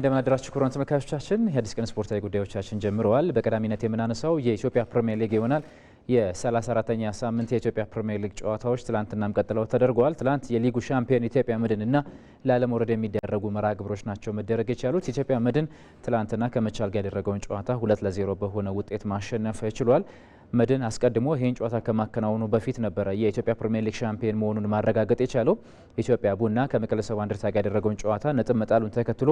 እንደምን አደራችሁ ክቡራን ተመልካቾቻችን፣ የአዲስ ቀን ስፖርታዊ ጉዳዮቻችን ጀምረዋል። በቀዳሚነት የምናነሳው የኢትዮጵያ ፕሪምየር ሊግ ይሆናል። 34 ተኛ ሳምንት የኢትዮጵያ ፕሪምየር ሊግ ጨዋታዎች ትላንትናም ቀጥለው ተደርገዋል። ትላንት የሊጉ ሻምፒዮን ኢትዮጵያ መድንና ለዓለም ወረድ የሚደረጉ መርሃ ግብሮች ናቸው መደረግ የቻሉት። ኢትዮጵያ መድን ትላንትና ከመቻል ጋር ያደረገውን ጨዋታ ሁለት ለዜሮ በሆነ ውጤት ማሸነፍ ችሏል። መድን አስቀድሞ ይህን ጨዋታ ከማከናወኑ በፊት ነበረ የኢትዮጵያ ፕሪሚየር ሊግ ሻምፒዮን መሆኑን ማረጋገጥ የቻለው። ኢትዮጵያ ቡና ከመቀለ ሰባ እንደርታ ጋር ያደረገውን ጨዋታ ነጥብ መጣሉን ተከትሎ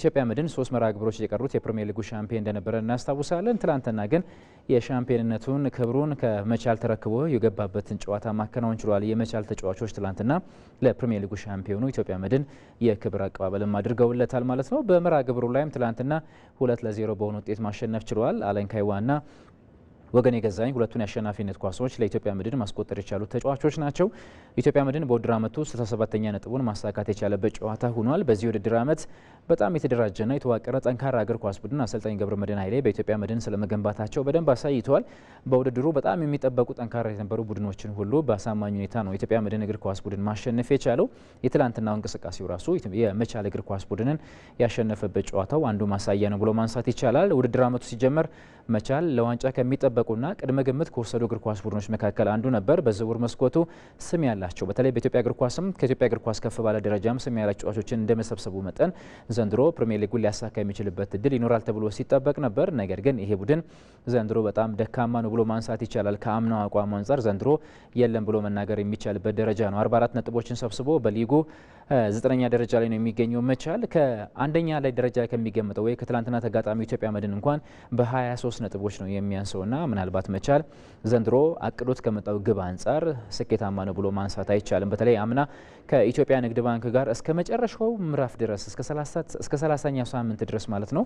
ኢትዮጵያ መድን ሶስት መርሃ ግብሮች የቀሩት የፕሪሚየር ሊጉ ሻምፒዮን እንደነበረ እናስታውሳለን። ትላንትና ግን የሻምፒዮንነቱን ክብሩን ከመቻል ተረክቦ የገባበትን ጨዋታ ማከናወን ችሏል። የመቻል ተጫዋቾች ትላንትና ለፕሪሚየር ሊጉ ሻምፒዮኑ ኢትዮጵያ መድን የክብር አቀባበልም አድርገውለታል ማለት ነው። በመርሃ ግብሩ ላይም ትላንትና ሁለት ለዜሮ በሆነ ውጤት ማሸነፍ ችሏል። አለንካይዋና ወገን የገዛኝ ሁለቱን የአሸናፊነት ኳሶች ለኢትዮጵያ መድን ማስቆጠር የቻሉት ተጫዋቾች ናቸው። ኢትዮጵያ መድን በውድድር ዓመቱ 67ኛ ነጥቡን ማሳካት የቻለበት ጨዋታ ሆኗል። በዚህ ውድድር ዓመት በጣም የተደራጀና የተዋቀረ ጠንካራ እግር ኳስ ቡድን አሰልጣኝ ገብረ መድን ኃይሌ በኢትዮጵያ መድን ስለመገንባታቸው በደንብ አሳይተዋል። በውድድሩ በጣም የሚጠበቁ ጠንካራ የነበሩ ቡድኖችን ሁሉ በአሳማኝ ሁኔታ ነው ኢትዮጵያ መድን እግር ኳስ ቡድን ማሸነፍ የቻለው። የትላንትናው እንቅስቃሴው ራሱ የመቻል እግር ኳስ ቡድንን ያሸነፈበት ጨዋታው አንዱ ማሳያ ነው ብሎ ማንሳት ይቻላል። ውድድር ዓመቱ ሲጀመር መቻል ለዋንጫ ከሚጠበቁ ከጠበቁና ቅድመ ግምት ከወሰዱ እግር ኳስ ቡድኖች መካከል አንዱ ነበር። በዝውውር መስኮቱ ስም ያላቸው በተለይ በኢትዮጵያ እግር ኳስም ከኢትዮጵያ እግር ኳስ ከፍ ባለ ደረጃም ስም ያላቸው ተጫዋቾችን እንደመሰብሰቡ መጠን ዘንድሮ ፕሪሚየር ሊጉን ሊያሳካ የሚችልበት እድል ይኖራል ተብሎ ሲጠበቅ ነበር። ነገር ግን ይሄ ቡድን ዘንድሮ በጣም ደካማ ነው ብሎ ማንሳት ይቻላል። ከአምናው አቋም አንጻር ዘንድሮ የለም ብሎ መናገር የሚቻልበት ደረጃ ነው። 44 ነጥቦችን ሰብስቦ በሊጉ ዘጠነኛ ደረጃ ላይ ነው የሚገኘው መቻል ከአንደኛ ላይ ደረጃ ከሚገምጠው ወይ ከትላንትና ተጋጣሚ ኢትዮጵያ መድን እንኳን በ23 ነጥቦች ነው የሚያንሰውና ምናልባት መቻል ዘንድሮ አቅዶት ከመጣው ግብ አንጻር ስኬታማ ነው ብሎ ማንሳት አይቻልም። በተለይ አምና ከኢትዮጵያ ንግድ ባንክ ጋር እስከ መጨረሻው ምዕራፍ ድረስ እስከ 30 ሳምንት ድረስ ማለት ነው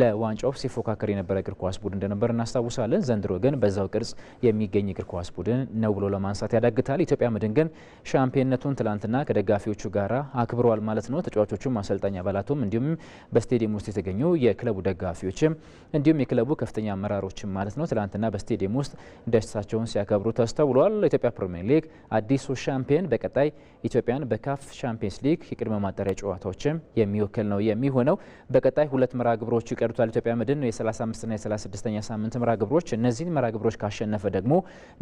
ለዋንጫው ሲፎካከር የነበረ እግር ኳስ ቡድን እንደነበር እናስታውሳለን። ዘንድሮ ግን በዛው ቅርጽ የሚገኝ እግር ኳስ ቡድን ነው ብሎ ለማንሳት ያዳግታል። ኢትዮጵያ መድን ግን ሻምፒዮንነቱን ትላንትና ከደጋፊዎቹ ጋር አክብረዋል ማለት ነው። ተጫዋቾቹም አሰልጣኝ አባላቱም እንዲሁም በስቴዲየም ውስጥ የተገኙ የክለቡ ደጋፊዎችም እንዲሁም የክለቡ ከፍተኛ አመራሮችም ማለት ነው ትላንትና በስቴዲየም ውስጥ ደስታቸውን ሲያከብሩ ተስተውሏል። ኢትዮጵያ ፕሪሚየር ሊግ አዲሱ ሻምፒዮን በቀጣይ ኢትዮጵያን ሲሆን በካፍ ሻምፒየንስ ሊግ የቅድመ ማጣሪያ ጨዋታዎችም የሚወክል ነው የሚሆነው። በቀጣይ ሁለት መርሃ ግብሮች ይቀሩታል። ኢትዮጵያ መድን የ35ና የ36ኛ ሳምንት መርሃ ግብሮች። እነዚህን መርሃ ግብሮች ካሸነፈ ደግሞ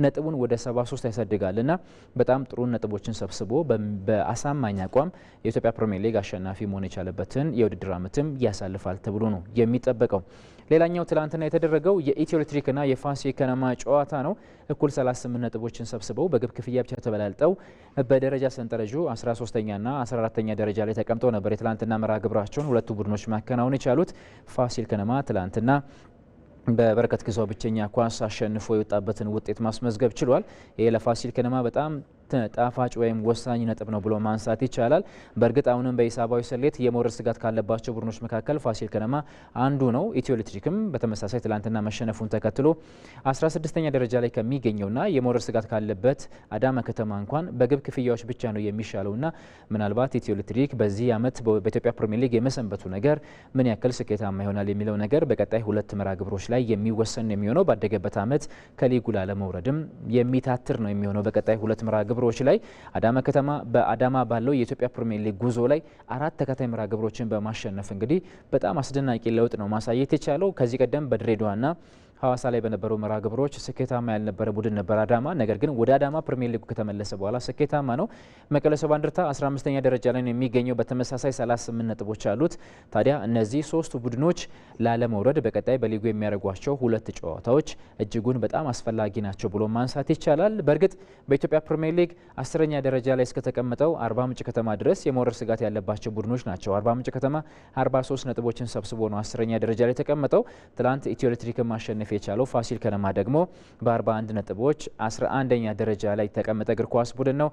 ነጥቡን ወደ 73 ያሳድጋልና በጣም ጥሩ ነጥቦችን ሰብስቦ በአሳማኝ አቋም የኢትዮጵያ ፕሪሚየር ሊግ አሸናፊ መሆን የቻለበትን የውድድር ዓመትም ያሳልፋል ተብሎ ነው የሚጠበቀው። ሌላኛው ትላንትና የተደረገው የኢትዮ ኤሌክትሪክና የፋሲል ከነማ ጨዋታ ነው። እኩል 38 ነጥቦችን ሰብስበው በግብ ክፍያ ብቻ ተበላልጠው በደረጃ ሰንጠረዡ 13ኛና 14ኛ ደረጃ ላይ ተቀምጠው ነበር። የትላንትና መርሃ ግብራቸውን ሁለቱ ቡድኖች ማከናወን የቻሉት ፋሲል ከነማ ትላንትና በበረከት ግዛው ብቸኛ ኳስ አሸንፎ የወጣበትን ውጤት ማስመዝገብ ችሏል። ይህ ለፋሲል ከነማ በጣም ጣፋጭ ወይም ወሳኝ ነጥብ ነው ብሎ ማንሳት ይቻላል። በእርግጥ አሁንም በሂሳባዊ ስሌት የመውረድ ስጋት ካለባቸው ቡድኖች መካከል ፋሲል ከነማ አንዱ ነው። ኢትዮ ኤሌክትሪክም በተመሳሳይ ትላንትና መሸነፉን ተከትሎ 16ኛ ደረጃ ላይ ከሚገኘውና የመውረድ ስጋት ካለበት አዳማ ከተማ እንኳን በግብ ክፍያዎች ብቻ ነው የሚሻለውና ምናልባት ኢትዮ ኤሌክትሪክ በዚህ ዓመት በኢትዮጵያ ፕሪሚየር ሊግ የመሰንበቱ ነገር ምን ያክል ስኬታማ ይሆናል የሚለው ነገር በቀጣይ ሁለት መርሃ ግብሮች ላይ የሚወሰን የሚሆነው ባደገበት ዓመት ከሊጉ ላለመውረድም የሚታትር ነው የሚሆነው በቀጣይ ሁለት መርሃ ግብሮች ግብሮች ላይ አዳማ ከተማ በአዳማ ባለው የኢትዮጵያ ፕሪሚየር ሊግ ጉዞ ላይ አራት ተከታይ ምራ ግብሮችን በማሸነፍ እንግዲህ በጣም አስደናቂ ለውጥ ነው ማሳየት የቻለው። ከዚህ ቀደም በድሬዳዋና ሐዋሳ ላይ በነበሩ መርሃ ግብሮች ስኬታማ ያልነበረ ቡድን ነበር አዳማ። ነገር ግን ወደ አዳማ ፕሪሚየር ሊጉ ከተመለሰ በኋላ ስኬታማ ነው። መቀለ ሰባ እንደርታ 15ኛ ደረጃ ላይ ነው የሚገኘው በተመሳሳይ 38 ነጥቦች አሉት። ታዲያ እነዚህ ሶስቱ ቡድኖች ላለመውረድ በቀጣይ በሊጉ የሚያደርጓቸው ሁለት ጨዋታዎች እጅጉን በጣም አስፈላጊ ናቸው ብሎ ማንሳት ይቻላል። በእርግጥ በኢትዮጵያ ፕሪሚየር ሊግ አስረኛ ደረጃ ላይ እስከተቀመጠው አርባ ምንጭ ከተማ ድረስ የመውረድ ስጋት ያለባቸው ቡድኖች ናቸው። አርባ ምንጭ ከተማ 43 ነጥቦችን ሰብስቦ ነው አስረኛ ደረጃ ላይ የተቀመጠው። ትላንት ኢትዮ ኤሌክትሪክን ማሸነፍ ማሸነፍ የቻለው ፋሲል ከነማ ደግሞ በ41 ነጥቦች 11ኛ ደረጃ ላይ የተቀመጠ እግር ኳስ ቡድን ነው።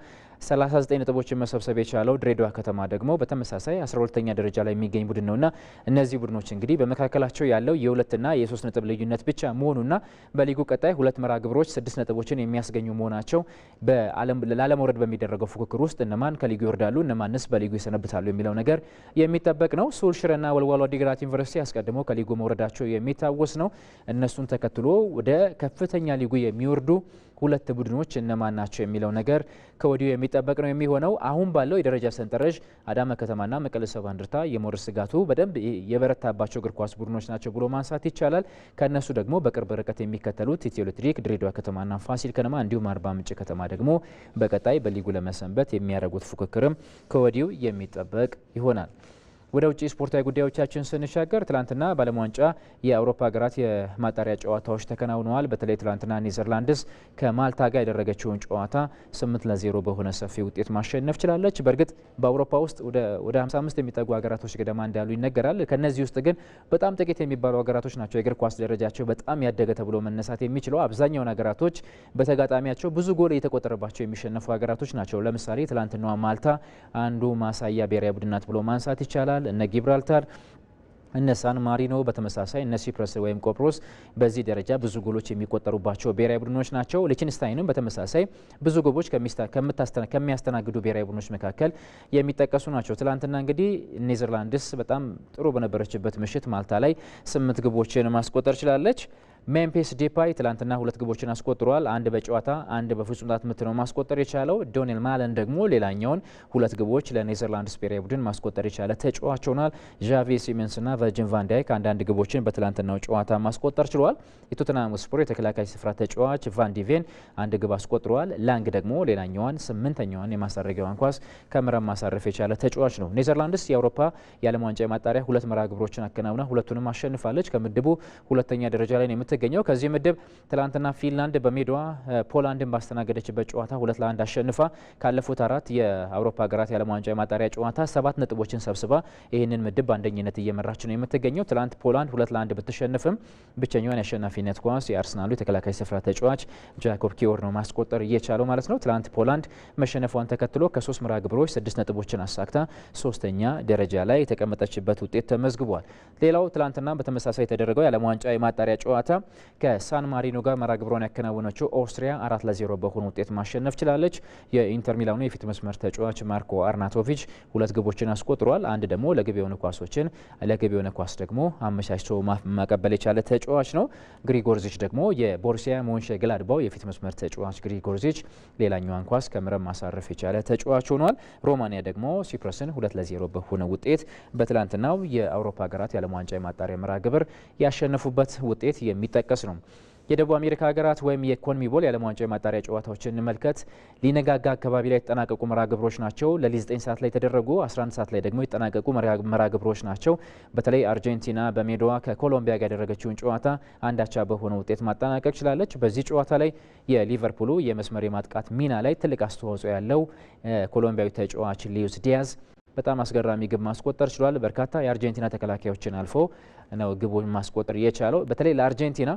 39 ነጥቦችን መሰብሰብ የቻለው ድሬዳዋ ከተማ ደግሞ በተመሳሳይ 12ኛ ደረጃ ላይ የሚገኝ ቡድን ነውና እነዚህ ቡድኖች እንግዲህ በመካከላቸው ያለው የሁለትና የሶስት ነጥብ ልዩነት ብቻ መሆኑና በሊጉ ቀጣይ ሁለት መራ ግብሮች ስድስት ነጥቦችን የሚያስገኙ መሆናቸው ላለመውረድ በሚደረገው ፉክክር ውስጥ እነማን ከሊጉ ይወርዳሉ፣ እነማንስ በሊጉ ይሰነብታሉ የሚለው ነገር የሚጠበቅ ነው። ሱል ሽረና ወልዋሎ ዓዲግራት ዩኒቨርሲቲ አስቀድሞ ከሊጉ መውረዳቸው የሚታወስ ነው። እነሱን ተከትሎ ወደ ከፍተኛ ሊጉ የሚወርዱ ሁለት ቡድኖች እነማን ናቸው የሚለው ነገር ከወዲሁ የሚጠበቅ ነው የሚሆነው። አሁን ባለው የደረጃ ሰንጠረዥ አዳማ ከተማና መቀለ ሰባ እንደርታ የመውረድ ስጋቱ በደንብ የበረታባቸው እግር ኳስ ቡድኖች ናቸው ብሎ ማንሳት ይቻላል። ከእነሱ ደግሞ በቅርብ ርቀት የሚከተሉት ኢትዮ ኤሌክትሪክ፣ ድሬዳዋ ከተማና ፋሲል ከነማ እንዲሁም አርባ ምንጭ ከተማ ደግሞ በቀጣይ በሊጉ ለመሰንበት የሚያደርጉት ፉክክርም ከወዲሁ የሚጠበቅ ይሆናል። ወደ ውጭ ስፖርታዊ ጉዳዮቻችን ስንሻገር ትላንትና በዓለም ዋንጫ የአውሮፓ ሀገራት የማጣሪያ ጨዋታዎች ተከናውነዋል። በተለይ ትላንትና ኔዘርላንድስ ከማልታ ጋር ያደረገችውን ጨዋታ 8 ለ0 በሆነ ሰፊ ውጤት ማሸነፍ ችላለች። በእርግጥ በአውሮፓ ውስጥ ወደ 55 የሚጠጉ ሀገራቶች ገደማ እንዳሉ ይነገራል። ከነዚህ ውስጥ ግን በጣም ጥቂት የሚባሉ ሀገራቶች ናቸው የእግር ኳስ ደረጃቸው በጣም ያደገ ተብሎ መነሳት የሚችለው። አብዛኛውን ሀገራቶች በተጋጣሚያቸው ብዙ ጎል እየተቆጠረባቸው የሚሸነፉ ሀገራቶች ናቸው። ለምሳሌ ትላንትናዋ ማልታ አንዱ ማሳያ ብሔራዊ ቡድን ናት ብሎ ማንሳት ይቻላል። ሴኔጋል፣ እነ ጊብራልታር እነ ሳን ማሪኖ በተመሳሳይ እነ ሲፕረስ ወይም ቆጵሮስ በዚህ ደረጃ ብዙ ጎሎች የሚቆጠሩባቸው ብሔራዊ ቡድኖች ናቸው። ሊችንስታይንም በተመሳሳይ ብዙ ጎቦች ከሚያስተናግዱ ብሔራዊ ቡድኖች መካከል የሚጠቀሱ ናቸው። ትላንትና እንግዲህ ኔዘርላንድስ በጣም ጥሩ በነበረችበት ምሽት ማልታ ላይ ስምንት ግቦችን ማስቆጠር ችላለች። ሜምፊስ ዴፓይ ትላንትና ሁለት ግቦችን አስቆጥሯል። አንድ በጨዋታ አንድ በፍጹም ቅጣት ምት ነው ማስቆጠር የቻለው። ዶኔል ማለን ደግሞ ሌላኛውን ሁለት ግቦች ለኔዘርላንድስ ብሔራዊ ቡድን ማስቆጠር የቻለ ተጫዋች ሆኗል። ዣቪ ሲሜንስና ቨርጂን ቫን ዳይክ አንዳንድ ግቦችን በትላንትናው ጨዋታ ማስቆጠር ችሏል። የቶተናም ስፖር የተከላካይ ስፍራ ተጫዋች ቫንዲቬን አንድ ግብ አስቆጥሯል። ላንግ ደግሞ ሌላኛዋን ስምንተኛዋን የማሳረጊያዋን ኳስ ከምረ ማሳረፍ የቻለ ተጫዋች ነው። ኔዘርላንድስ የአውሮፓ የዓለም ዋንጫ የማጣሪያ ሁለት መርሃ ግብሮችን አከናውና ሁለቱንም አሸንፋለች። ከምድቡ ሁለተኛ ደረጃ ላይ ነው የምትገኘው። ከዚህ ምድብ ትላንትና ፊንላንድ በሜዷ ፖላንድን ባስተናገደችበት ጨዋታ ሁለት ለአንድ አሸንፋ ካለፉት አራት የአውሮፓ ሀገራት የዓለም ዋንጫ የማጣሪያ ጨዋታ ሰባት ነጥቦችን ሰብስባ ይህንን ምድብ በአንደኝነት እየመራች ነው የምትገኘው። ትላንት ፖላንድ ሁለት ለአንድ ብትሸንፍም ብቸኛዋን የአሸናፊነት ኳስ የአርሰናሉ የተከላካይ ስፍራ ተጫዋች ጃኮብ ኪዮር ነው ማስቆጠር እየቻለው ማለት ነው። ትላንት ፖላንድ መሸነፏን ተከትሎ ከሶስት ምራ ግብሮች ስድስት ነጥቦችን አሳክታ ሶስተኛ ደረጃ ላይ የተቀመጠችበት ውጤት ተመዝግቧል። ሌላው ትላንትና በተመሳሳይ የተደረገው የዓለም ዋንጫ የማጣሪያ ጨዋታ ከሳን ማሪኖ ጋር መራ ግብሯን ያከናወነችው ኦስትሪያ አራት ለዜሮ በሆነ ውጤት ማሸነፍ ችላለች። የኢንተር ሚላኑ የፊት መስመር ተጫዋች ማርኮ አርናቶቪች ሁለት ግቦችን አስቆጥሯል። አንድ ደግሞ ለግብ የሆነ ኳሶችን ለግብ የሆነ ኳስ ደግሞ አመቻችቶ ማቀበል የቻለ ተጫዋች ነው። ግሪጎርዚች ደግሞ የቦርሲያ ሞንሸ ግላድባው የፊት መስመር ተጫዋች ግሪጎርዚች ሌላኛዋን ኳስ ከመረብ ማሳረፍ የቻለ ተጫዋች ሆኗል። ሮማኒያ ደግሞ ሲፕረስን ሁለት ለዜሮ በሆነ ውጤት በትላንትናው የአውሮፓ ሀገራት የዓለም ዋንጫ የማጣሪያ መርሃ ግብር ያሸነፉበት ውጤት የሚ የሚጠቀስ ነው። የደቡብ አሜሪካ ሀገራት ወይም የኮንሜ ቦል የዓለም ዋንጫ የማጣሪያ ጨዋታዎችን እንመልከት። ሊነጋጋ አካባቢ ላይ የተጠናቀቁ መርሃ ግብሮች ናቸው። ለሊ 9 ሰዓት ላይ የተደረጉ 11 ሰዓት ላይ ደግሞ የተጠናቀቁ መርሃ ግብሮች ናቸው። በተለይ አርጀንቲና በሜዳዋ ከኮሎምቢያ ጋር ያደረገችውን ጨዋታ አንዳቻ በሆነ ውጤት ማጠናቀቅ ችላለች። በዚህ ጨዋታ ላይ የሊቨርፑሉ የመስመር የማጥቃት ሚና ላይ ትልቅ አስተዋጽኦ ያለው ኮሎምቢያዊ ተጫዋች ሊዩስ ዲያዝ በጣም አስገራሚ ግብ ማስቆጠር ችሏል። በርካታ የአርጀንቲና ተከላካዮችን አልፎ ነው ግቡን ማስቆጠር የቻለው። በተለይ ለአርጀንቲና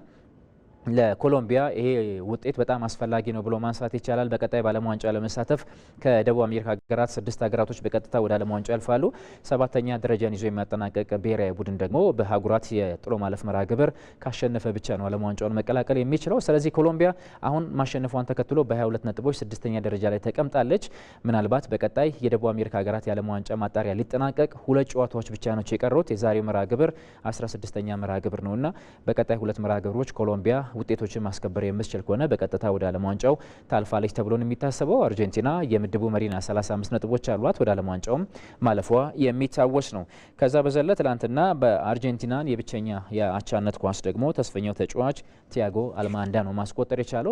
ለኮሎምቢያ ይሄ ውጤት በጣም አስፈላጊ ነው ብሎ ማንሳት ይቻላል። በቀጣይ በዓለም ዋንጫ ለመሳተፍ ከደቡብ አሜሪካ ሀገራት ስድስት ሀገራቶች በቀጥታ ወደ ዓለም ዋንጫ ያልፋሉ። ሰባተኛ ደረጃን ይዞ የሚያጠናቀቅ ብሔራዊ ቡድን ደግሞ በሀጉራት የጥሎ ማለፍ መርሃ ግብር ካሸነፈ ብቻ ነው ዓለም ዋንጫውን መቀላቀል የሚችለው። ስለዚህ ኮሎምቢያ አሁን ማሸነፏን ተከትሎ በ22 ነጥቦች ስድስተኛ ደረጃ ላይ ተቀምጣለች። ምናልባት በቀጣይ የደቡብ አሜሪካ ሀገራት የዓለም ዋንጫ ማጣሪያ ሊጠናቀቅ ሁለት ጨዋታዎች ብቻ ናቸው የቀሩት። የዛሬው መርሃ ግብር 16ኛ መርሃ ግብር ነውና በቀጣይ ሁለት መርሃ ግብሮች ኮሎምቢያ ውጤቶችን ማስከበር የምትችል ከሆነ በቀጥታ ወደ ዓለም ዋንጫው ታልፋለች ተብሎ ነው የሚታሰበው። አርጀንቲና የምድቡ መሪና 35 ነጥቦች አሏት። ወደ ዓለም ዋንጫውም ማለፏ የሚታወስ ነው። ከዛ በዘለ ትላንትና በአርጀንቲናን የብቸኛ የአቻነት ኳስ ደግሞ ተስፈኛው ተጫዋች ቲያጎ አልማንዳ ነው ማስቆጠር የቻለው።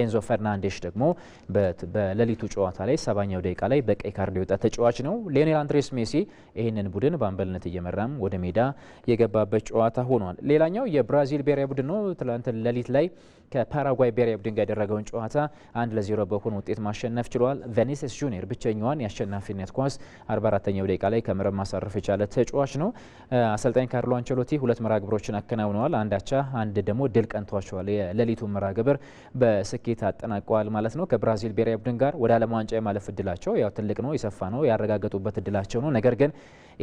ኤንዞ ፈርናንዴሽ ደግሞ በሌሊቱ ጨዋታ ላይ ሰባኛው ደቂቃ ላይ በቀይ ካርድ የወጣ ተጫዋች ነው። ሊዮኔል አንድሬስ ሜሲ ይህንን ቡድን በአንበልነት እየመራም ወደ ሜዳ የገባበት ጨዋታ ሆኗል። ሌላኛው የብራዚል ብሔራዊ ቡድን ነው። انت ليت لي ከፓራጓይ ብሔራዊ ቡድን ጋር ያደረገውን ጨዋታ አንድ ለዜሮ በሆነ ውጤት ማሸነፍ ችሏል። ቬኒሴስ ጁኒየር ብቸኛዋን የአሸናፊነት ኳስ 44ኛው ደቂቃ ላይ ከመረብ ማሳረፍ የቻለ ተጫዋች ነው። አሰልጣኝ ካርሎ አንቸሎቲ ሁለት መርሃ ግብሮችን አከናውነዋል። አንድ አቻ፣ አንድ ደግሞ ድል ቀንቷቸዋል። የሌሊቱ መርሃ ግብር በስኬት አጠናቀዋል ማለት ነው። ከብራዚል ብሔራዊ ቡድን ጋር ወደ ዓለም ዋንጫ የማለፍ እድላቸው ያው ትልቅ ነው፣ የሰፋ ነው፣ ያረጋገጡበት እድላቸው ነው። ነገር ግን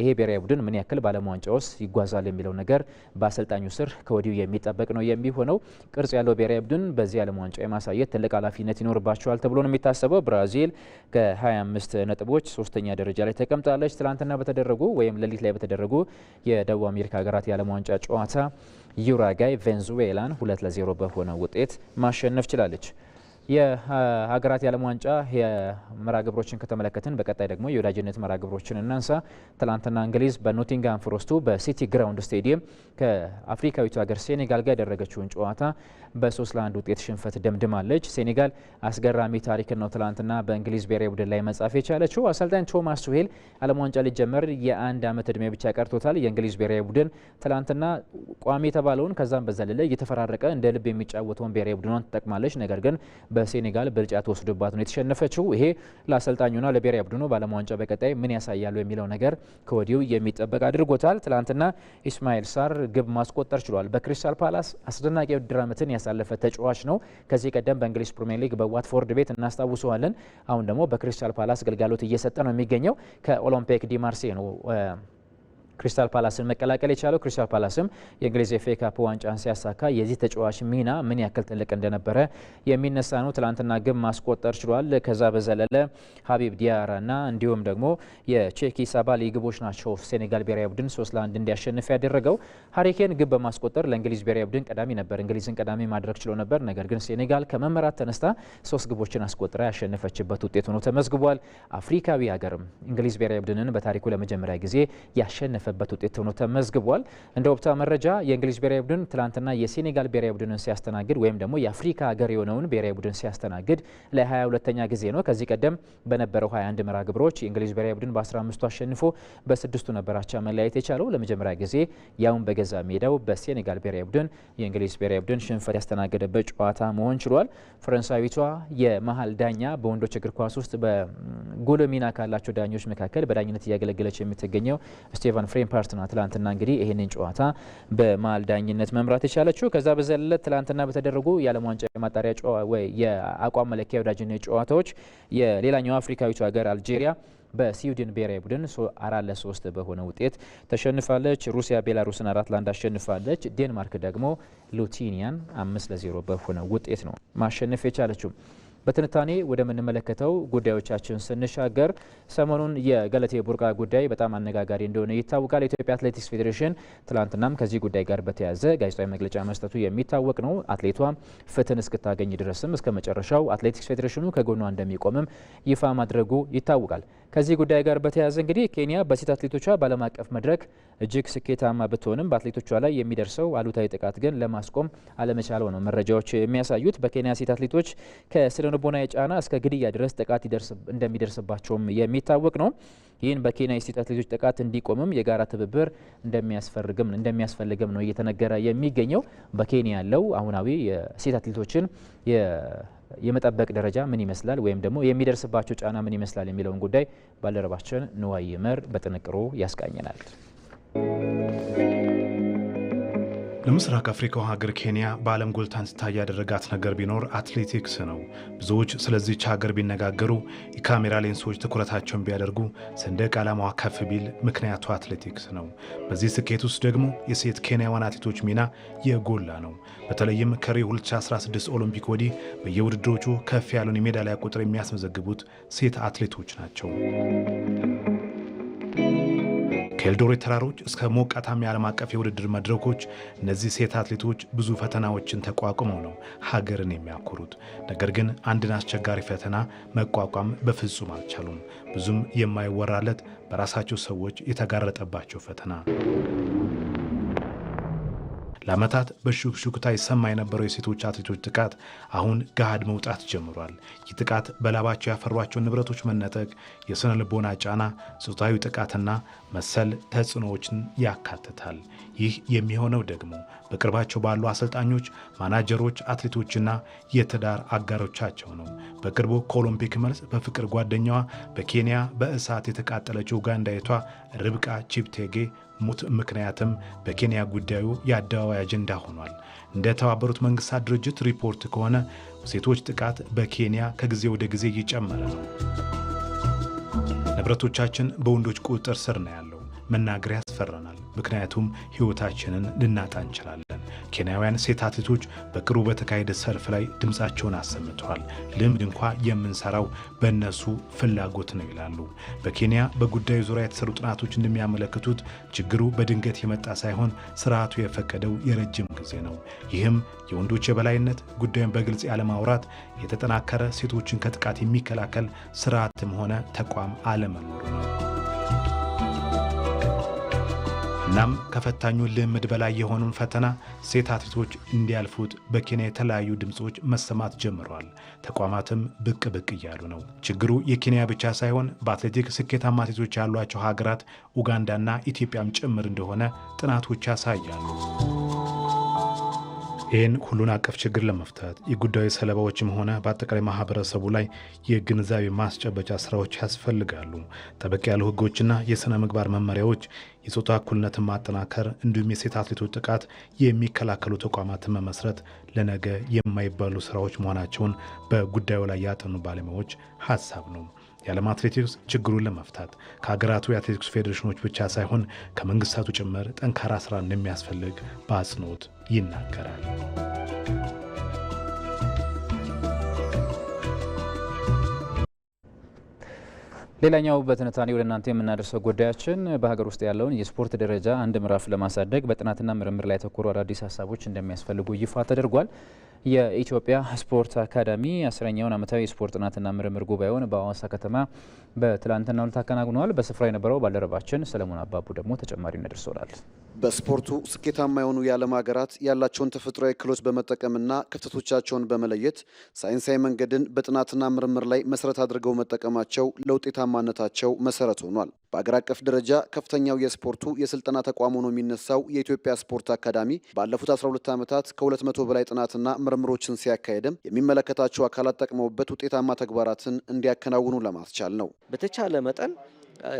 ይሄ ብሔራዊ ቡድን ምን ያክል በዓለም ዋንጫ ውስጥ ይጓዛል የሚለው ነገር በአሰልጣኙ ስር ከወዲሁ የሚጠበቅ ነው የሚሆነው ቅርጽ ያለው ብሔራዊ የብሔራዊ ቡድን በዚህ ዓለም ዋንጫ የማሳየት ትልቅ ኃላፊነት ይኖርባቸዋል ተብሎ ነው የሚታሰበው። ብራዚል ከ25 ነጥቦች ሶስተኛ ደረጃ ላይ ተቀምጣለች። ትላንትና በተደረጉ ወይም ሌሊት ላይ በተደረጉ የደቡብ አሜሪካ ሀገራት የዓለም ዋንጫ ጨዋታ ዩራጋይ ቬንዙዌላን ሁለት ለዜሮ በሆነ ውጤት ማሸነፍ ችላለች። የሀገራት የዓለም ዋንጫ የመርሃ ግብሮችን ከተመለከትን በቀጣይ ደግሞ የወዳጅነት መርሃ ግብሮችን እናንሳ። ትላንትና እንግሊዝ በኖቲንግሃም ፎረስቱ በሲቲ ግራውንድ ስቴዲየም ከአፍሪካዊቱ ሀገር ሴኔጋል ጋር ያደረገችውን ጨዋታ በሶስት ለአንድ ውጤት ሽንፈት ደምድማለች። ሴኔጋል አስገራሚ ታሪክን ነው ትላንትና በእንግሊዝ ብሔራዊ ቡድን ላይ መጻፍ የቻለችው። አሰልጣኝ ቶማስ ቱሄል ዓለም ዋንጫ ሊጀመር የአንድ ዓመት ዕድሜ ብቻ ቀርቶታል። የእንግሊዝ ብሔራዊ ቡድን ትላንትና ቋሚ የተባለውን ከዛም በዘለለ እየተፈራረቀ እንደ ልብ የሚጫወተውን ብሔራዊ ቡድኗን ትጠቅማለች ነገር ግን በሴኔጋል ብልጫ ተወስዶባት ነው የተሸነፈችው። ይሄ ለአሰልጣኙና ለብሔራዊ ቡድኑ በዓለም ዋንጫው በቀጣይ ምን ያሳያሉ የሚለው ነገር ከወዲሁ የሚጠበቅ አድርጎታል። ትላንትና ኢስማኤል ሳር ግብ ማስቆጠር ችሏል። በክሪስታል ፓላስ አስደናቂ የውድድር ዓመትን ያሳለፈ ተጫዋች ነው። ከዚህ ቀደም በእንግሊዝ ፕሪሚየር ሊግ በዋትፎርድ ቤት እናስታውሰዋለን። አሁን ደግሞ በክሪስታል ፓላስ ግልጋሎት እየሰጠ ነው የሚገኘው ከኦሎምፒክ ዲማርሴ ። ነው ክሪስታል ፓላስን መቀላቀል የቻለው ክሪስታል ፓላስም የእንግሊዝ ኤፍ ኤ ካፕ ዋንጫን ሲያሳካ የዚህ ተጫዋች ሚና ምን ያክል ትልቅ እንደነበረ የሚነሳ ነው። ትላንትና ግብ ማስቆጠር ችሏል። ከዛ በዘለለ ሀቢብ ዲያራ እንዲሁም ደግሞ የቼኪ ሳባሊ ግቦች ናቸው ሴኔጋል ብሔራዊ ቡድን ሶስት ለአንድ እንዲያሸንፍ ያደረገው። ሀሪኬን ግብ በማስቆጠር ለእንግሊዝ ብሔራዊ ቡድን ቀዳሚ ነበር። እንግሊዝን ቀዳሚ ማድረግ ችሎ ነበር። ነገር ግን ሴኔጋል ከመመራት ተነስታ ሶስት ግቦችን አስቆጥራ ያሸነፈችበት ውጤት ሆኖ ተመዝግቧል። አፍሪካዊ ሀገርም እንግሊዝ ብሔራዊ ቡድንን በታሪኩ ለመጀመሪያ ጊዜ ያሸነፈ ያሸነፈበት ውጤት ሆኖ ተመዝግቧል። እንደ ወቅታ መረጃ የእንግሊዝ ብሔራዊ ቡድን ትላንትና የሴኔጋል ብሔራዊ ቡድንን ሲያስተናግድ ወይም ደግሞ የአፍሪካ ሀገር የሆነውን ብሔራዊ ቡድን ሲያስተናግድ ለ22ተኛ ጊዜ ነው። ከዚህ ቀደም በነበረው 21 መርሃ ግብሮች የእንግሊዝ ብሔራዊ ቡድን በ15ቱ አሸንፎ በስድስቱ ነበር አቻ መለያየት የቻለው። ለመጀመሪያ ጊዜ ያውን በገዛ ሜዳው በሴኔጋል ብሔራዊ ቡድን የእንግሊዝ ብሔራዊ ቡድን ሽንፈት ያስተናገደበት ጨዋታ መሆን ችሏል። ፈረንሳዊቷ የመሀል ዳኛ በወንዶች እግር ኳስ ውስጥ በጉልህ ሚና ካላቸው ዳኞች መካከል በዳኝነት እያገለገለች የምትገኘው ስቴቫን ኤፍሬም ፓርትና ትላንትና እንግዲህ ይህንን ጨዋታ በመሀል ዳኝነት መምራት የቻለችው። ከዛ በዘለለ ትላንትና በተደረጉ የዓለም ዋንጫ የማጣሪያ ወይ የአቋም መለኪያ ወዳጅነት ጨዋታዎች የሌላኛው አፍሪካዊቱ ሀገር አልጄሪያ በስዊድን ብሔራዊ ቡድን አራት ለሶስት በሆነ ውጤት ተሸንፋለች። ሩሲያ ቤላሩስን አራት ለአንድ አሸንፋለች። ዴንማርክ ደግሞ ሉቲኒያን አምስት ለዜሮ በሆነ ውጤት ነው ማሸነፍ የቻለችው። በትንታኔ ወደምንመለከተው ጉዳዮቻችን ስንሻገር ሰሞኑን የገለቴ ቡርቃ ጉዳይ በጣም አነጋጋሪ እንደሆነ ይታወቃል። የኢትዮጵያ አትሌቲክስ ፌዴሬሽን ትላንትናም ከዚህ ጉዳይ ጋር በተያያዘ ጋዜጣዊ መግለጫ መስጠቱ የሚታወቅ ነው። አትሌቷ ፍትህን እስክታገኝ ድረስም እስከ መጨረሻው አትሌቲክስ ፌዴሬሽኑ ከጎኗ እንደሚቆምም ይፋ ማድረጉ ይታወቃል። ከዚህ ጉዳይ ጋር በተያያዘ እንግዲህ ኬንያ በሴት አትሌቶቿ በዓለም አቀፍ መድረክ እጅግ ስኬታማ ብትሆንም በአትሌቶቿ ላይ የሚደርሰው አሉታዊ ጥቃት ግን ለማስቆም አለመቻለው ነው መረጃዎች የሚያሳዩት። በኬንያ ሴት አትሌቶች ከስነልቦና ጫና እስከ ግድያ ድረስ ጥቃት እንደሚደርስባቸውም የሚታወቅ ነው። ይህን በኬንያ የሴት አትሌቶች ጥቃት እንዲቆምም የጋራ ትብብር እንደሚያስፈልግም ነው እየተነገረ የሚገኘው። በኬንያ ያለው አሁናዊ የሴት አትሌቶችን የመጠበቅ ደረጃ ምን ይመስላል ወይም ደግሞ የሚደርስባቸው ጫና ምን ይመስላል የሚለውን ጉዳይ ባልደረባችን ንዋይ መር በጥንቅሩ ያስቃኘናል። ለምስራቅ አፍሪካው ሀገር ኬንያ በዓለም ጎልታን ስታይ ያደረጋት ነገር ቢኖር አትሌቲክስ ነው። ብዙዎች ስለዚች ሀገር ቢነጋገሩ፣ የካሜራ ሌንሶች ትኩረታቸውን ቢያደርጉ፣ ሰንደቅ ዓላማዋ ከፍ ቢል ምክንያቱ አትሌቲክስ ነው። በዚህ ስኬት ውስጥ ደግሞ የሴት ኬንያውያን አትሌቶች ሚና የጎላ ነው። በተለይም ከሪዮ 2016 ኦሎምፒክ ወዲህ በየውድድሮቹ ከፍ ያለውን የሜዳሊያ ቁጥር የሚያስመዘግቡት ሴት አትሌቶች ናቸው። ከኤልዶሬ ተራሮች እስከ ሞቃታማ የዓለም አቀፍ የውድድር መድረኮች እነዚህ ሴት አትሌቶች ብዙ ፈተናዎችን ተቋቁመው ነው ሀገርን የሚያኮሩት። ነገር ግን አንድን አስቸጋሪ ፈተና መቋቋም በፍጹም አልቻሉም። ብዙም የማይወራለት በራሳቸው ሰዎች የተጋረጠባቸው ፈተና ለዓመታት በሹክሹክታ ይሰማ የነበረው የሴቶች አትሌቶች ጥቃት አሁን ገሃድ መውጣት ጀምሯል። ይህ ጥቃት በላባቸው ያፈሯቸውን ንብረቶች መነጠቅ፣ የሥነ ልቦና ጫና፣ ጾታዊ ጥቃትና መሰል ተጽዕኖዎችን ያካትታል። ይህ የሚሆነው ደግሞ በቅርባቸው ባሉ አሰልጣኞች፣ ማናጀሮች፣ አትሌቶችና የትዳር አጋሮቻቸው ነው። በቅርቡ ከኦሎምፒክ መልስ በፍቅር ጓደኛዋ በኬንያ በእሳት የተቃጠለችው ኡጋንዳዊቷ ርብቃ ቺፕቴጌ ሞት ምክንያትም በኬንያ ጉዳዩ የአደባባይ አጀንዳ ሆኗል። እንደ ተባበሩት መንግስታት ድርጅት ሪፖርት ከሆነ ሴቶች ጥቃት በኬንያ ከጊዜ ወደ ጊዜ እየጨመረ ነው። ንብረቶቻችን በወንዶች ቁጥጥር ስር ነው ያለው። መናገር ያስፈራናል። ምክንያቱም ሕይወታችንን ልናጣ እንችላለን። ኬንያውያን ሴት አትሌቶች በቅርቡ በተካሄደ ሰልፍ ላይ ድምፃቸውን አሰምተዋል። ልምድ እንኳ የምንሰራው በእነሱ ፍላጎት ነው ይላሉ። በኬንያ በጉዳዩ ዙሪያ የተሰሩ ጥናቶች እንደሚያመለክቱት ችግሩ በድንገት የመጣ ሳይሆን ስርዓቱ የፈቀደው የረጅም ጊዜ ነው። ይህም የወንዶች የበላይነት፣ ጉዳዩን በግልጽ ያለማውራት፣ የተጠናከረ ሴቶችን ከጥቃት የሚከላከል ስርዓትም ሆነ ተቋም አለመኖሩ ነው። እናም ከፈታኙ ልምድ በላይ የሆነውን ፈተና ሴት አትሌቶች እንዲያልፉት በኬንያ የተለያዩ ድምፆች መሰማት ጀምረዋል። ተቋማትም ብቅ ብቅ እያሉ ነው። ችግሩ የኬንያ ብቻ ሳይሆን በአትሌቲክ ስኬታማ አትሌቶች ያሏቸው ሀገራት ኡጋንዳና ኢትዮጵያም ጭምር እንደሆነ ጥናቶች ያሳያሉ። ይህን ሁሉን አቀፍ ችግር ለመፍታት የጉዳዩ ሰለባዎችም ሆነ በአጠቃላይ ማህበረሰቡ ላይ የግንዛቤ ማስጨበጫ ስራዎች ያስፈልጋሉ። ጠበቅ ያሉ ህጎችና የሥነ ምግባር መመሪያዎች፣ የፆታ እኩልነትን ማጠናከር እንዲሁም የሴት አትሌቶች ጥቃት የሚከላከሉ ተቋማትን መመስረት ለነገ የማይባሉ ስራዎች መሆናቸውን በጉዳዩ ላይ ያጠኑ ባለሙያዎች ሀሳብ ነው። የዓለም አትሌቲክስ ችግሩን ለመፍታት ከሀገራቱ የአትሌቲክስ ፌዴሬሽኖች ብቻ ሳይሆን ከመንግስታቱ ጭምር ጠንካራ ስራ እንደሚያስፈልግ በአጽንኦት ይናገራል። ሌላኛው በትንታኔ ወደ እናንተ የምናደርሰው ጉዳያችን በሀገር ውስጥ ያለውን የስፖርት ደረጃ አንድ ምዕራፍ ለማሳደግ በጥናትና ምርምር ላይ ተኮሩ አዳዲስ ሀሳቦች እንደሚያስፈልጉ ይፋ ተደርጓል። የኢትዮጵያ ስፖርት አካዳሚ አስረኛውን ዓመታዊ የስፖርት ጥናትና ምርምር ጉባኤውን በአዋሳ ከተማ በትላንትናው ዕለት አከናውነዋል። በስፍራ የነበረው ባልደረባችን ሰለሞን አባቡ ደግሞ ተጨማሪ ደርሶናል። በስፖርቱ ስኬታማ የሆኑ የዓለም ሀገራት ያላቸውን ተፈጥሯዊ ክህሎት በመጠቀምና ክፍተቶቻቸውን በመለየት ሳይንሳዊ መንገድን በጥናትና ምርምር ላይ መሰረት አድርገው መጠቀማቸው ለውጤታማነታቸው መሰረት ሆኗል። በአገር አቀፍ ደረጃ ከፍተኛው የስፖርቱ የስልጠና ተቋም ሆኖ የሚነሳው የኢትዮጵያ ስፖርት አካዳሚ ባለፉት 12 ዓመታት ከ200 በላይ ጥናትና ምርምሮችን ሲያካሄድም የሚመለከታቸው አካላት ጠቅመውበት ውጤታማ ተግባራትን እንዲያከናውኑ ለማስቻል ነው። በተቻለ መጠን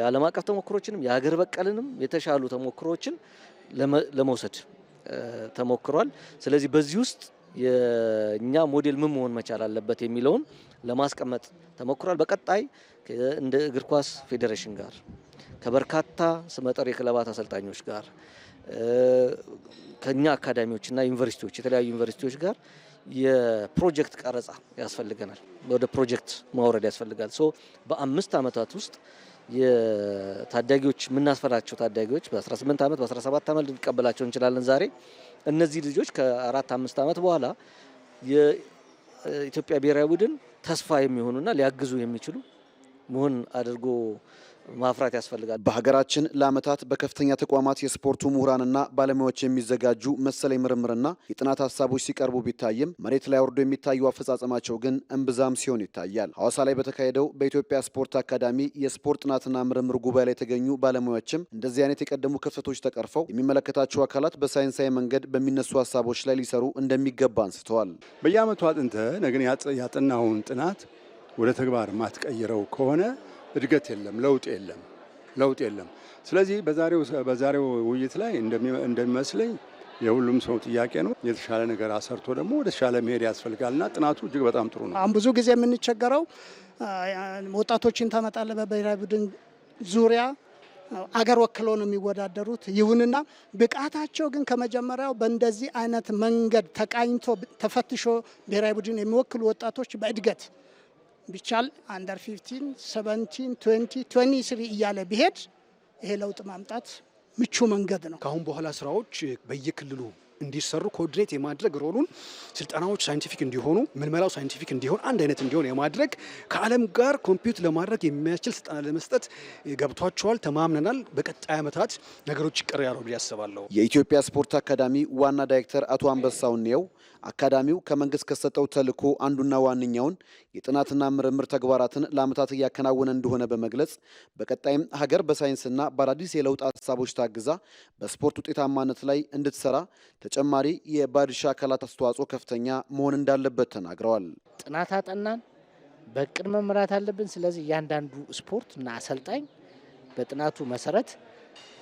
የዓለም አቀፍ ተሞክሮችንም የሀገር በቀልንም የተሻሉ ተሞክሮችን ለመውሰድ ተሞክሯል። ስለዚህ በዚህ ውስጥ የእኛ ሞዴል ምን መሆን መቻል አለበት የሚለውን ለማስቀመጥ ተሞክሯል። በቀጣይ እንደ እግር ኳስ ፌዴሬሽን ጋር ከበርካታ ስመጠር የክለባት አሰልጣኞች ጋር ከኛ እና ዩኒቨርሲቲዎች የተለያዩ ዩኒቨርሲቲዎች ጋር የፕሮጀክት ቀረጻ ያስፈልገናል። ወደ ፕሮጀክት ማውረድ ያስፈልጋል። ሶ በአምስት ዓመታት ውስጥ የታዳጊዎች የምናስፈራቸው ታዳጊዎች በ18 ዓመት በ17 ዓመት ልንቀበላቸው እንችላለን። ዛሬ እነዚህ ልጆች ከአራት አምስት ዓመት በኋላ የኢትዮጵያ ብሔራዊ ቡድን ተስፋ የሚሆኑና ሊያግዙ የሚችሉ መሆን አድርጎ ማፍራት ያስፈልጋል። በሀገራችን ለዓመታት በከፍተኛ ተቋማት የስፖርቱ ምሁራንና ባለሙያዎች የሚዘጋጁ መሰል ምርምርና የጥናት ሀሳቦች ሲቀርቡ ቢታይም መሬት ላይ ወርዶ የሚታዩ አፈጻጸማቸው ግን እምብዛም ሲሆን ይታያል። ሐዋሳ ላይ በተካሄደው በኢትዮጵያ ስፖርት አካዳሚ የስፖርት ጥናትና ምርምር ጉባኤ ላይ የተገኙ ባለሙያዎችም እንደዚህ አይነት የቀደሙ ክፍተቶች ተቀርፈው የሚመለከታቸው አካላት በሳይንሳዊ መንገድ በሚነሱ ሀሳቦች ላይ ሊሰሩ እንደሚገባ አንስተዋል። በየዓመቱ አጥንተህ ግን ያጠናውን ጥናት ወደ ተግባር ማትቀይረው ከሆነ እድገት የለም፣ ለውጥ የለም፣ ለውጥ የለም። ስለዚህ በዛሬው በዛሬው ውይይት ላይ እንደሚመስለኝ የሁሉም ሰው ጥያቄ ነው። የተሻለ ነገር አሰርቶ ደግሞ ወደ ተሻለ መሄድ ያስፈልጋልና ጥናቱ እጅግ በጣም ጥሩ ነው። አሁን ብዙ ጊዜ የምንቸገረው ወጣቶችን ተመጣለ በብሔራዊ ቡድን ዙሪያ አገር ወክለው ነው የሚወዳደሩት። ይሁንና ብቃታቸው ግን ከመጀመሪያው በእንደዚህ አይነት መንገድ ተቃኝቶ ተፈትሾ ብሔራዊ ቡድን የሚወክሉ ወጣቶች በእድገት ቢቻል አንደር ፊፍቲን ሰቨንቲን ትዌንቲ ትዌንቲ እያለ ቢሄድ ይሄ ለውጥ ማምጣት ምቹ መንገድ ነው። ከአሁን በኋላ ስራዎች በየክልሉ እንዲሰሩ ኮኦርዲኔት የማድረግ ሮሉን ስልጠናዎች ሳይንቲፊክ እንዲሆኑ ምልመላው ሳይንቲፊክ እንዲሆን አንድ አይነት እንዲሆን የማድረግ ከዓለም ጋር ኮምፒውት ለማድረግ የሚያስችል ስልጠና ለመስጠት ገብቷቸዋል። ተማምነናል። በቀጣይ ዓመታት ነገሮች ይቀር ያሉ ያስባለሁ። የኢትዮጵያ ስፖርት አካዳሚ ዋና ዳይሬክተር አቶ አንበሳው እንየው አካዳሚው ከመንግስት ከሰጠው ተልዕኮ አንዱና ዋነኛውን የጥናትና ምርምር ተግባራትን ለዓመታት እያከናወነ እንደሆነ በመግለጽ በቀጣይም ሀገር በሳይንስና በአዳዲስ የለውጥ ሀሳቦች ታግዛ በስፖርት ውጤታማነት ላይ እንድትሰራ ተጨማሪ የባለድርሻ አካላት አስተዋጽኦ ከፍተኛ መሆን እንዳለበት ተናግረዋል። ጥናት አጠናን በቅድ መምራት አለብን። ስለዚህ እያንዳንዱ ስፖርት እና አሰልጣኝ በጥናቱ መሰረት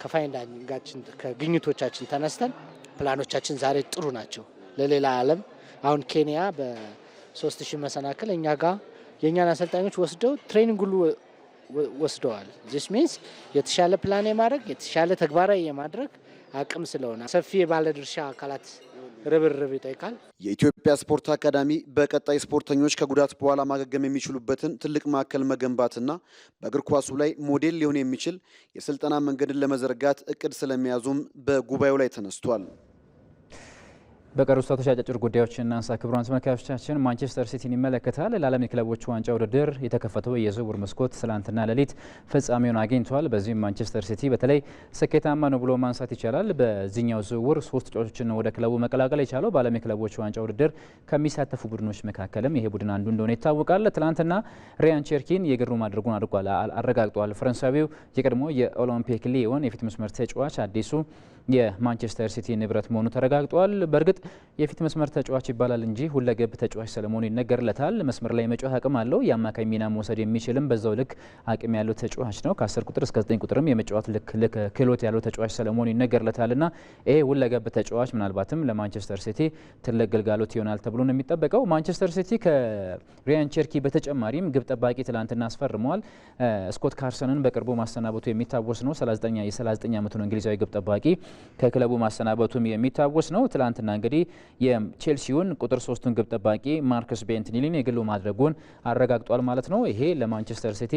ከፋይንዳንጋችን ከግኝቶቻችን ተነስተን ፕላኖቻችን ዛሬ ጥሩ ናቸው ለሌላ ዓለም አሁን ኬንያ በ3000 መሰናክል እኛ ጋር የእኛን አሰልጣኞች ወስደው ትሬኒንግ ሁሉ ወስደዋል። ዚስ ሚንስ የተሻለ ፕላን የማድረግ የተሻለ ተግባራዊ የማድረግ አቅም ስለሆነ ሰፊ የባለድርሻ አካላት ርብርብ ይጠይቃል። የኢትዮጵያ ስፖርት አካዳሚ በቀጣይ ስፖርተኞች ከጉዳት በኋላ ማገገም የሚችሉበትን ትልቅ ማዕከል መገንባትና በእግር ኳሱ ላይ ሞዴል ሊሆን የሚችል የስልጠና መንገድን ለመዘርጋት እቅድ ስለመያዙም በጉባኤው ላይ ተነስቷል። በቀሩ ሰዓቶች አጫጭር ጉዳዮች እናንሳ። ክቡራን ተመልካቾቻችን፣ ማንቸስተር ሲቲን ይመለከታል። ለዓለም የክለቦች ዋንጫ ውድድር የተከፈተው የዝውውር መስኮት ትላንትና ሌሊት ፍጻሜውን አግኝቷል። በዚህም ማንቸስተር ሲቲ በተለይ ስኬታማ ነው ብሎ ማንሳት ይቻላል። በዚህኛው ዝውውር ሶስት ተጫዋቾችን ወደ ክለቡ መቀላቀል የቻለው በዓለም የክለቦች ዋንጫ ውድድር ከሚሳተፉ ቡድኖች መካከልም ይሄ ቡድን አንዱ እንደሆነ ይታወቃል። ትላንትና ሪያን ቸርኪን የግሩ ማድረጉን አድርጓል አረጋግጧል። ፈረንሳዊው የቀድሞ የኦሎምፒክ ሊዮን የፊት መስመር ተጫዋች አዲሱ የማንቸስተር ሲቲ ንብረት መሆኑ ተረጋግጧል። በእርግጥ የፊት መስመር ተጫዋች ይባላል እንጂ ሁለገብ ተጫዋች ስለመሆኑ ይነገርለታል። መስመር ላይ መጫወት አቅም አለው። የአማካኝ ሚና መውሰድ የሚችልም በዛው ልክ አቅም ያለው ተጫዋች ነው። ከ10 ቁጥር እስከ 9 ቁጥርም የመጫወት ልክ ልክ ክህሎት ያለው ተጫዋች ስለመሆኑ ና ይሄ ሁለገብ ተጫዋች ምናልባትም ለማንቸስተር ሲቲ ትልቅ ግልጋሎት ይሆናል ተብሎ ነው የሚጠበቀው። ማንቸስተር ሲቲ ከሪያን ቸርኪ በተጨማሪም ግብ ጠባቂ ትላንትና አስፈርመዋል። ስኮት ካርሰንን በቅርቡ ማሰናበቱ የሚታወስ ነው። 39 የ39 ዓመቱን እንግሊዛዊ ግብ ጠባቂ ከክለቡ ማሰናበቱም የሚታወስ ነው። ትላንትና እንግዲህ የቼልሲውን ቁጥር ሶስቱን ግብ ጠባቂ ማርክስ ቤንትኒሊን የግሉ ማድረጉን አረጋግጧል ማለት ነው። ይሄ ለማንቸስተር ሲቲ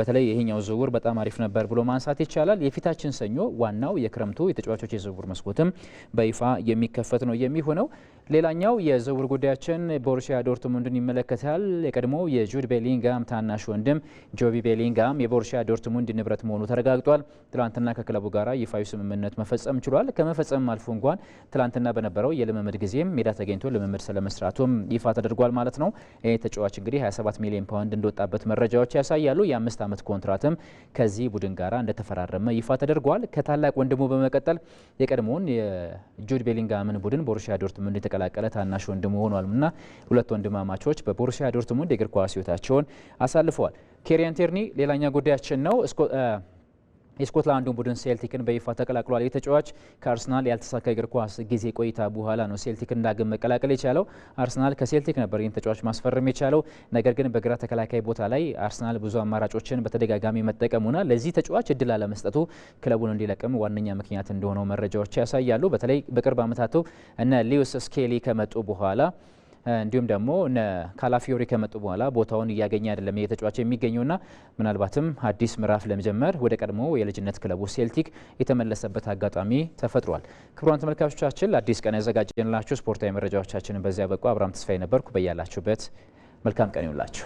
በተለይ ይሄኛው ዝውውር በጣም አሪፍ ነበር ብሎ ማንሳት ይቻላል። የፊታችን ሰኞ ዋናው የክረምቱ የተጫዋቾች የዝውውር መስኮትም በይፋ የሚከፈት ነው የሚሆነው። ሌላኛው የዝውውር ጉዳያችን ቦሩሲያ ዶርትሙንድን ይመለከታል። የቀድሞ የጁድ ቤሊንጋም ታናሽ ወንድም ጆቢ ቤሊንጋም የቦሩሲያ ዶርትሙንድ ንብረት መሆኑ ተረጋግጧል። ትላንትና ከክለቡ ጋር ይፋዊ ስምምነት መፈጸም ችሏል። ከመፈጸም አልፎ እንኳን ትላንትና በነበረው የልምምድ ጊዜም ሜዳ ተገኝቶ ልምምድ ስለመስራቱም ይፋ ተደርጓል ማለት ነው። ይህ ተጫዋች እንግዲህ 27 ሚሊዮን ፓውንድ እንደወጣበት መረጃዎች ያሳያሉ። የአምስት ዓመት ኮንትራትም ከዚህ ቡድን ጋር እንደተፈራረመ ይፋ ተደርጓል። ከታላቅ ወንድሙ በመቀጠል የቀድሞውን የጁድ ቤሊንጋምን ቡድን ቦሩሲያ ዶርትሙንድ የተቀላቀለ ታናሽ ወንድም ሆኗል እና ሁለት ወንድማማቾች በቦሩሲያ ዶርትሙንድ የእግር ኳስ ህይወታቸውን አሳልፈዋል። ኬሪያን ቴርኒ ሌላኛ ጉዳያችን ነው። የስኮትላንዱን ቡድን ሴልቲክን በይፋ ተቀላቅሏል። ይህ ተጫዋች ከአርሰናል ያልተሳካ እግር ኳስ ጊዜ ቆይታ በኋላ ነው ሴልቲክን ዳግም መቀላቀል የቻለው። አርሰናል ከሴልቲክ ነበር ይህን ተጫዋች ማስፈረም የቻለው። ነገር ግን በግራ ተከላካይ ቦታ ላይ አርሰናል ብዙ አማራጮችን በተደጋጋሚ መጠቀሙና ለዚህ ተጫዋች እድል አለመስጠቱ ክለቡን እንዲለቅም ዋነኛ ምክንያት እንደሆነው መረጃዎች ያሳያሉ። በተለይ በቅርብ ዓመታቱ እነ ሊዩስ ስኬሊ ከመጡ በኋላ እንዲሁም ደግሞ ካላፊዮሪ ከመጡ በኋላ ቦታውን እያገኘ አይደለም እየተጫዋች የሚገኘውና ምናልባትም አዲስ ምዕራፍ ለመጀመር ወደ ቀድሞ የልጅነት ክለቡ ሴልቲክ የተመለሰበት አጋጣሚ ተፈጥሯል። ክቡራን ተመልካቾቻችን ለአዲስ ቀን ያዘጋጀንላችሁ ስፖርታዊ መረጃዎቻችንን በዚያ በቁ። አብርሃም ተስፋዬ ነበርኩ። በያላችሁበት መልካም ቀን ይሁንላችሁ።